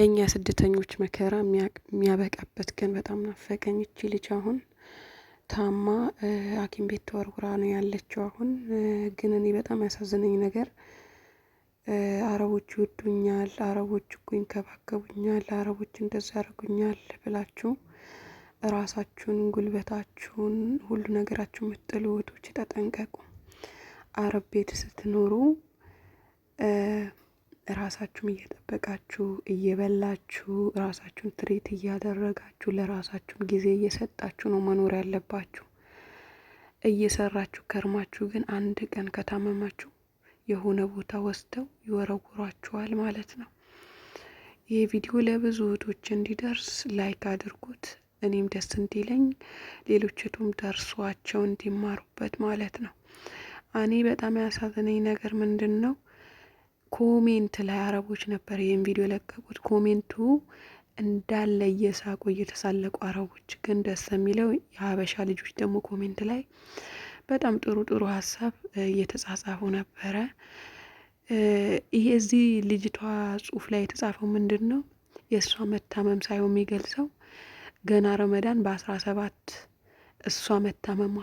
የእኛ ስደተኞች መከራ የሚያበቃበት ቀን በጣም ናፈቀኝ። እቺ ልጅ አሁን ታማ ሐኪም ቤት ተወርውራ ነው ያለችው። አሁን ግን እኔ በጣም ያሳዝነኝ ነገር አረቦች ይወዱኛል፣ አረቦች እኮ ይንከባከቡኛል፣ አረቦች እንደዛ ያደርጉኛል ብላችሁ ራሳችሁን፣ ጉልበታችሁን፣ ሁሉ ነገራችሁ የምትጥሉ እህቶች ተጠንቀቁ። አረብ ቤት ስትኖሩ ራሳችሁን እየጠበቃችሁ እየበላችሁ ራሳችሁን ትሬት እያደረጋችሁ ለራሳችሁም ጊዜ እየሰጣችሁ ነው መኖር ያለባችሁ። እየሰራችሁ ከርማችሁ ግን አንድ ቀን ከታመማችሁ የሆነ ቦታ ወስደው ይወረውሯችኋል ማለት ነው። ይህ ቪዲዮ ለብዙ እህቶች እንዲደርስ ላይክ አድርጉት። እኔም ደስ እንዲለኝ ሌሎች እህቱም ደርሷቸው እንዲማሩበት ማለት ነው። እኔ በጣም ያሳዝነኝ ነገር ምንድን ነው ኮሜንት ላይ አረቦች ነበር ይህን ቪዲዮ የለቀቁት። ኮሜንቱ እንዳለ እየሳቁ እየተሳለቁ አረቦች። ግን ደስ የሚለው የሀበሻ ልጆች ደግሞ ኮሜንት ላይ በጣም ጥሩ ጥሩ ሀሳብ እየተጻጻፉ ነበረ። ይሄ እዚህ ልጅቷ ጽሁፍ ላይ የተጻፈው ምንድን ነው? የእሷ መታመም ሳይሆን የሚገልጸው ገና ረመዳን በአስራ ሰባት እሷ መታመሟ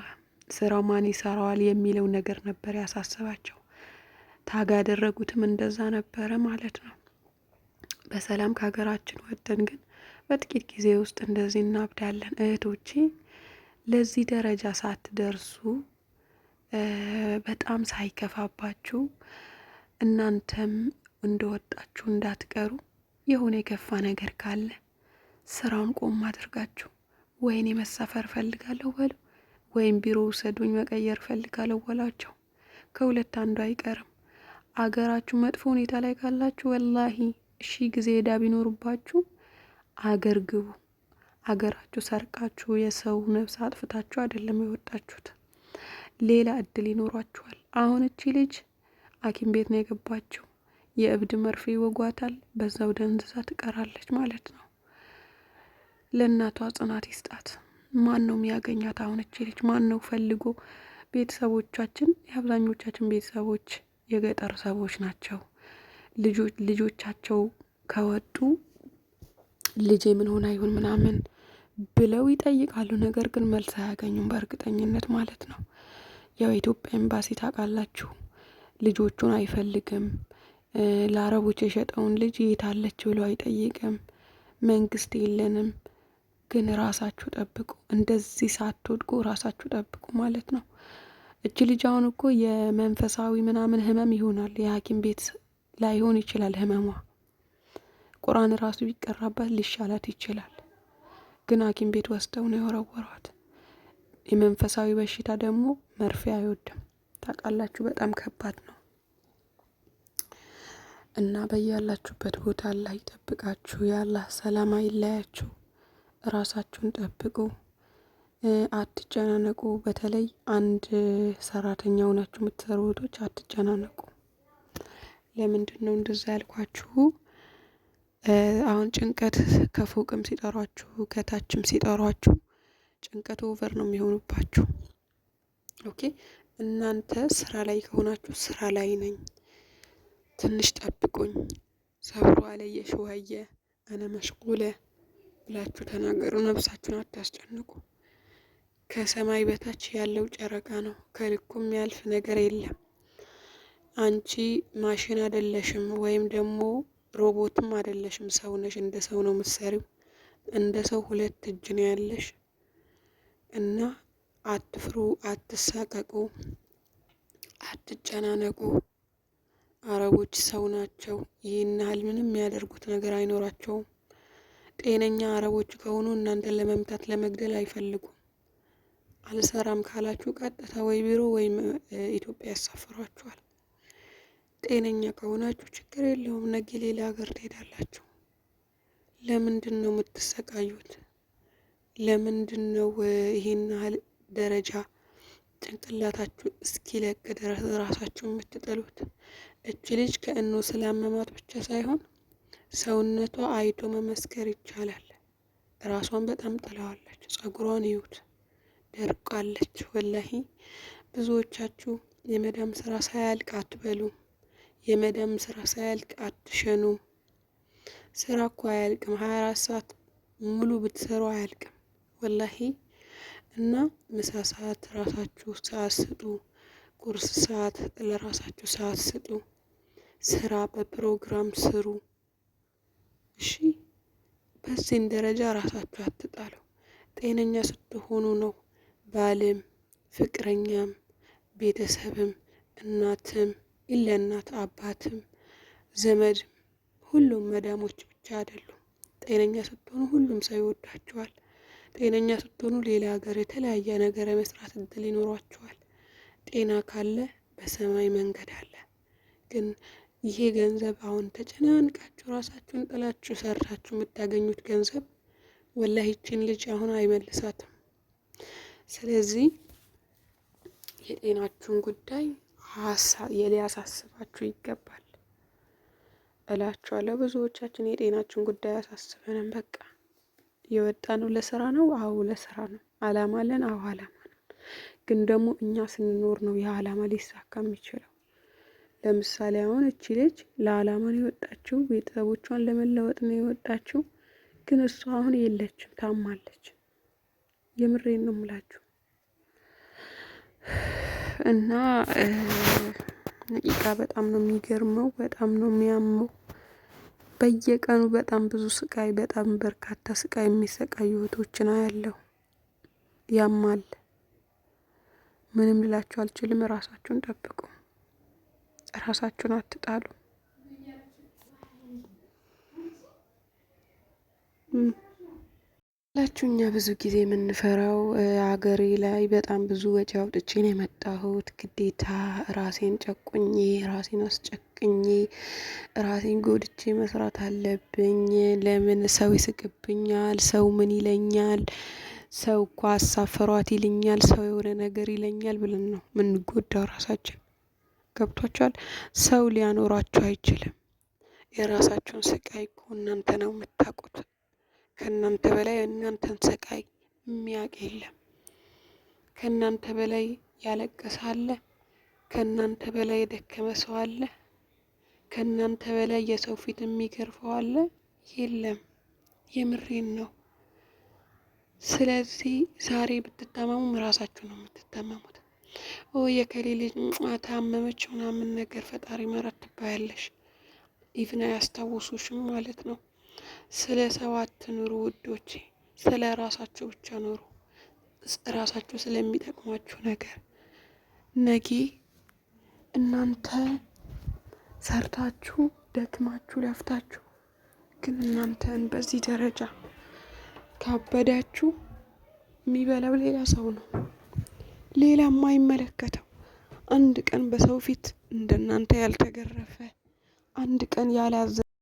ስራው ማን ይሰራዋል የሚለው ነገር ነበር ያሳሰባቸው። ታጋ ያደረጉትም እንደዛ ነበረ ማለት ነው። በሰላም ከሀገራችን ወጥተን ግን በጥቂት ጊዜ ውስጥ እንደዚህ እናብዳለን። እህቶቼ ለዚህ ደረጃ ሳትደርሱ በጣም ሳይከፋባችሁ እናንተም እንደወጣችሁ እንዳትቀሩ። የሆነ የከፋ ነገር ካለ ስራውን ቆም አድርጋችሁ ወይኔ መሳፈር ፈልጋለሁ በሉ፣ ወይም ቢሮ ውሰዱኝ መቀየር ፈልጋለሁ በሏቸው። ከሁለት አንዱ አይቀርም። አገራችሁ መጥፎ ሁኔታ ላይ ካላችሁ ወላሂ እሺ ጊዜ ዕዳ ቢኖርባችሁ አገር ግቡ። አገራችሁ ሰርቃችሁ የሰው ነብስ አጥፍታችሁ አይደለም የወጣችሁት። ሌላ እድል ይኖሯችኋል። አሁን እቺ ልጅ ሐኪም ቤት ነው የገባችው። የእብድ መርፌ ይወጓታል፣ በዛው ደንዝዛ ትቀራለች ማለት ነው። ለእናቷ ጽናት ይስጣት። ማን ነው የሚያገኛት? አሁን እቺ ልጅ ማን ነው ፈልጎ? ቤተሰቦቻችን የአብዛኞቻችን ቤተሰቦች የገጠር ሰዎች ናቸው። ልጆቻቸው ከወጡ ልጄ ምን ሆና ይሁን ምናምን ብለው ይጠይቃሉ። ነገር ግን መልስ አያገኙም በእርግጠኝነት ማለት ነው። ያው የኢትዮጵያ ኤምባሲ ታውቃላችሁ፣ ልጆቹን አይፈልግም። ለአረቦች የሸጠውን ልጅ የታለች ብሎ አይጠይቅም። መንግስት የለንም ግን ራሳችሁ ጠብቁ፣ እንደዚህ ሳትወድቁ ራሳችሁ ጠብቁ ማለት ነው። እች ልጅ አሁን እኮ የመንፈሳዊ ምናምን ህመም ይሆናል። የሐኪም ቤት ላይሆን ይችላል ህመሟ። ቁርአን ራሱ ቢቀራበት ሊሻላት ይችላል። ግን ሐኪም ቤት ወስደው ነው የወረወሯት። የመንፈሳዊ በሽታ ደግሞ መርፌ አይወድም ታውቃላችሁ። በጣም ከባድ ነው እና በያላችሁበት ቦታ አላህ ይጠብቃችሁ። የአላህ ሰላም አይለያችሁ። ራሳችሁን ጠብቁ። አትጨናነቁ። በተለይ አንድ ሰራተኛ ሆናችሁ የምትሰሩ እህቶች አትጨናነቁ። ለምንድን ነው እንደዛ ያልኳችሁ? አሁን ጭንቀት ከፎቅም ሲጠሯችሁ ከታችም ሲጠሯችሁ ጭንቀቱ ኦቨር ነው የሚሆኑባችሁ። ኦኬ እናንተ ስራ ላይ ከሆናችሁ ስራ ላይ ነኝ፣ ትንሽ ጠብቁኝ፣ ሰብሮ አለየ ሸዋየ አነ መሽቁለ ብላችሁ ተናገሩ። ነብሳችሁን አታስጨንቁ። ከሰማይ በታች ያለው ጨረቃ ነው። ከልኩም ያልፍ ነገር የለም። አንቺ ማሽን አይደለሽም ወይም ደግሞ ሮቦትም አይደለሽም። ሰው ነሽ። እንደ ሰው ነው ምሰሪው። እንደ ሰው ሁለት እጅ ነው ያለሽ እና አትፍሩ፣ አትሳቀቁ፣ አትጨናነቁ። አረቦች ሰው ናቸው። ይህን ያህል ምንም የሚያደርጉት ነገር አይኖራቸውም። ጤነኛ አረቦች ከሆኑ እናንተን ለመምታት ለመግደል አይፈልጉም። አልሰራም ካላችሁ ቀጥታ ወይ ቢሮ ወይም ኢትዮጵያ ያሳፍሯችኋል። ጤነኛ ከሆናችሁ ችግር የለውም፣ ነገ ሌላ ሀገር ትሄዳላችሁ። ለምንድን ነው የምትሰቃዩት? ለምንድን ነው ይህን ያህል ደረጃ ጭንቅላታችሁ እስኪለቅ ድረስ ራሳችሁ የምትጥሉት? እች ልጅ ከእኖ ስላመማት ብቻ ሳይሆን ሰውነቷ አይቶ መመስከር ይቻላል። ራሷን በጣም ጥለዋለች። ጸጉሯን ይዩት። ደርቃለች። ወላሂ ብዙዎቻችሁ የመዳም ስራ ሳያልቅ አትበሉ፣ የመዳም ስራ ሳያልቅ አትሸኑ። ስራ እኮ አያልቅም፣ ሀያ አራት ሰዓት ሙሉ ብትሰሩ አያልቅም ወላሂ። እና ምሳ ሰዓት ራሳችሁ ሰዓት ስጡ፣ ቁርስ ሰዓት ለራሳችሁ ሰዓት ስጡ። ስራ በፕሮግራም ስሩ። እሺ በዚህን ደረጃ ራሳችሁ አትጣሉ። ጤነኛ ስትሆኑ ነው ባልም፣ ፍቅረኛም፣ ቤተሰብም፣ እናትም ኢለናት አባትም፣ ዘመድ ሁሉም መዳሞች ብቻ አይደሉም። ጤነኛ ስትሆኑ ሁሉም ሰው ይወዳችኋል። ጤነኛ ስትሆኑ ሌላ ሀገር የተለያየ ነገር የመስራት እድል ይኖሯችኋል። ጤና ካለ በሰማይ መንገድ አለ። ግን ይሄ ገንዘብ አሁን ተጨናንቃችሁ ራሳችሁን ጥላችሁ ሰርታችሁ የምታገኙት ገንዘብ ወላሂችን ልጅ አሁን አይመልሳትም። ስለዚህ የጤናችሁን ጉዳይ ሊያሳስባችሁ ይገባል እላችኋለሁ። ብዙዎቻችን የጤናችን ጉዳይ አሳስበንም በቃ የወጣ ነው። ለስራ ነው? አዎ ለስራ ነው። አላማ አለን? አዎ አላማ ነው። ግን ደግሞ እኛ ስንኖር ነው ያ አላማ ሊሳካ የሚችለው። ለምሳሌ አሁን እቺ ልጅ ለአላማ ነው የወጣችው፣ ቤተሰቦቿን ለመለወጥ ነው የወጣችው። ግን እሷ አሁን የለችም፣ ታማለች። የምሬን ነው የምላችሁ እና ነቂቃ በጣም ነው የሚገርመው፣ በጣም ነው የሚያመው። በየቀኑ በጣም ብዙ ስቃይ፣ በጣም በርካታ ስቃይ የሚሰቃዩ እህቶችን ያለው። ያማል። ምንም ልላችሁ አልችልም። ራሳችሁን ጠብቁ። ራሳችሁን አትጣሉ። ያችሁ እኛ ብዙ ጊዜ የምንፈራው አገሬ ላይ በጣም ብዙ ወጪ አውጥቼ ነው የመጣሁት። ግዴታ ራሴን ጨቁኜ ራሴን አስጨቅኜ ራሴን ጎድቼ መስራት አለብኝ። ለምን ሰው ይስቅብኛል? ሰው ምን ይለኛል? ሰው እኮ አሳፈሯት ይልኛል፣ ሰው የሆነ ነገር ይለኛል ብለን ነው የምንጎዳው። ራሳችን ገብቷችኋል? ሰው ሊያኖራችሁ አይችልም። የራሳችሁን ስቃይ እኮ እናንተ ነው የምታውቁት። ከእናንተ በላይ እናንተን ሰቃይ የሚያውቅ የለም። ከእናንተ በላይ ያለቀሰ አለ። ከእናንተ በላይ የደከመ ሰው አለ። ከእናንተ በላይ የሰው ፊት የሚገርፈው አለ የለም። የምሬን ነው። ስለዚህ ዛሬ ብትታመሙ ራሳችሁ ነው የምትታመሙት። ኦ የከሌ ልጅ ታመመች ምናምን ነገር ፈጣሪ መረት ትባያለሽ። ኢቭን አያስታውሱሽም ማለት ነው። ስለ ሰባት ኑሩ ውዶቼ፣ ስለ ራሳችሁ ብቻ ኑሩ። ራሳችሁ ስለሚጠቅማችሁ ነገር ነጌ እናንተ ሰርታችሁ ደክማችሁ ለፍታችሁ ግን እናንተን በዚህ ደረጃ ካበዳችሁ የሚበላው ሌላ ሰው ነው፣ ሌላ የማይመለከተው አንድ ቀን በሰው ፊት እንደናንተ ያልተገረፈ አንድ ቀን ያላዘ